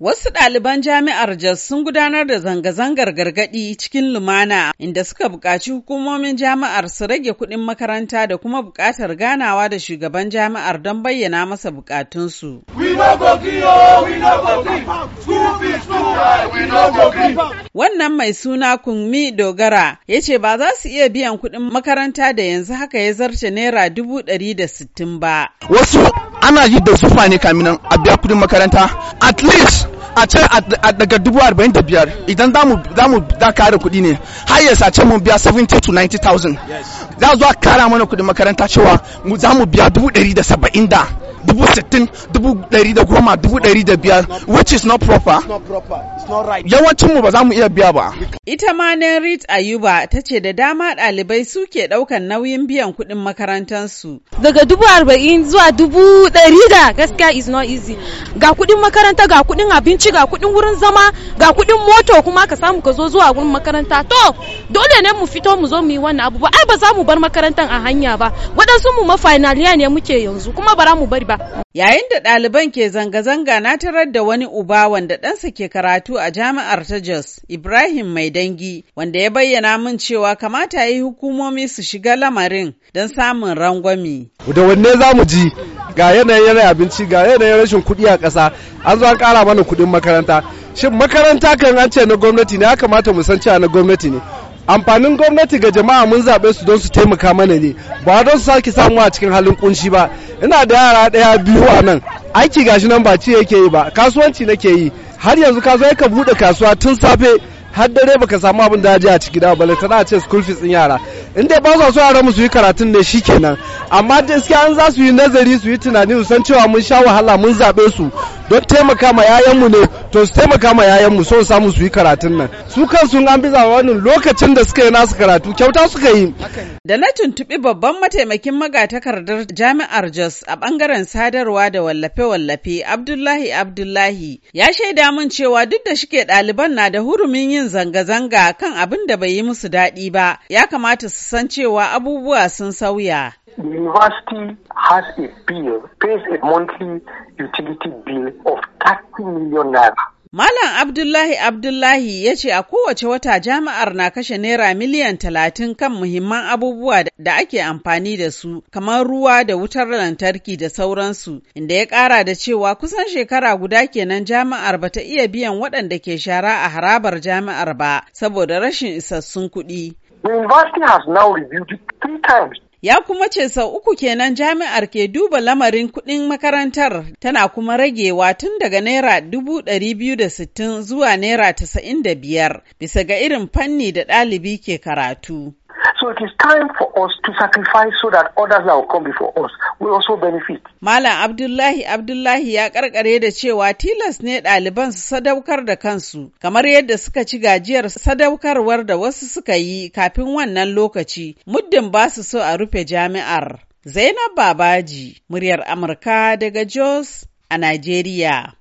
Wasu ɗaliban jami'ar Jos sun gudanar da zanga-zangar gargaɗi cikin lumana inda suka buƙaci hukumomin jami'ar su rage kuɗin makaranta da kuma buƙatar ganawa da shugaban jami'ar don bayyana masa buƙatunsu. Oh, Wannan mai suna Kunmi Dogara ya ce ba za su iya biyan kuɗin makaranta da yanzu haka ya zarce naira dubu ɗari da sittin ba. Wasu ana yi da zufa ne kamin nan a biya kudin makaranta at least a ce daga dubu arba'in da biyar idan za mu da kare kuɗi ne har yasa ce mun biya 70 to 90,000 za zuwa kara mana kuɗin makaranta cewa mu za mu biya dubu ɗari da saba'in da dubu sittin dubu ɗari da goma dubu ɗari da biyar which is not proper yawancin mu ba za mu iya biya ba. ita ma Nenrit Ayuba ta ce da dama ɗalibai suke ɗaukan nauyin biyan kuɗin su. daga dubu arba'in zuwa dubu ɗari da gaskiya is not easy ga kuɗin makaranta ga kuɗin abinci ga kuɗin wurin zama ga kuɗin moto kuma ka samu ka zo zuwa wurin makaranta to dole ne mu fito mu zo mu yi wannan abu ba ai ba za mu bar makarantar a hanya ba waɗansu mu mafinaliya ne muke yanzu kuma bara mu bari ba. Yayin da ɗaliban ke zanga-zanga na tarar da wani uba wanda ɗansa ke karatu a jami'ar ta Jos, Ibrahim Mai Dangi, wanda ya bayyana min cewa kamata yi hukumomi su shiga lamarin don samun rangwami. Da wanne za mu ji ga yanayin abinci ga yanayin rashin kuɗi a ƙasa, an zo an ƙara mana kuɗin makaranta. Shin makaranta kan an ce na gwamnati ne ya kamata mu san cewa na gwamnati ne. amfanin gwamnati ga jama'a mun zaɓe su don su taimaka mana ne ba don su sake samu a cikin halin kunshi ba ina da yara ɗaya biyu a nan aiki gashi nan ba ci yake yi ba kasuwanci nake yi har yanzu ka zo ka buɗe kasuwa tun safe har dare baka samu abin da a ciki da balle tana ce school fees din yara in dai ba su yara yaran mu su yi karatun ne kenan amma gaskiya an za su yi nazari su yi tunani su san cewa mun sha wahala mun zaɓe su don taimaka ma yayanmu ne to su taimaka ma yayanmu so samu su yi karatun nan su kansu an bi wani lokacin da suka yi nasu karatu kyauta suka yi da na tuntubi babban mataimakin magatakardar jami'ar Jos a bangaren sadarwa da wallafe-wallafe Abdullahi Abdullahi ya shaida min cewa duk da shike ɗaliban na da hurumin yin zanga-zanga kan abin da bai yi musu daɗi ba ya kamata su san cewa abubuwa sun sauya The university has a bill, pays a monthly utility bill of 30 million naira. Malam Abdullahi Abdullahi ya ce a kowace wata jami'ar na kashe naira miliyan talatin kan muhimman abubuwa da ake amfani da su kamar ruwa da wutar lantarki da sauransu inda ya kara da cewa kusan shekara guda kenan jami'ar ba ta iya biyan waɗanda ke shara a harabar jami'ar ba saboda rashin isassun kuɗi. The university has now reviewed three times ya kuma ce sau uku kenan jami'ar ke duba lamarin kuɗin makarantar tana kuma ragewa tun daga naira dubu ɗari biyu da sittin zuwa naira tasa'in da biyar bisa ga irin fanni da ɗalibi ke karatu. So it is time for us to sacrifice so that others that will come before us will also benefit. Malam Abdullahi Abdullahi ya karkare da cewa tilas ne ɗaliban su sadaukar da kansu kamar yadda suka ci gajiyar sadaukarwar da wasu suka yi kafin wannan lokaci muddin ba su so a rufe jami'ar. Zainab Babaji, muryar Amurka daga Jos a Najeriya.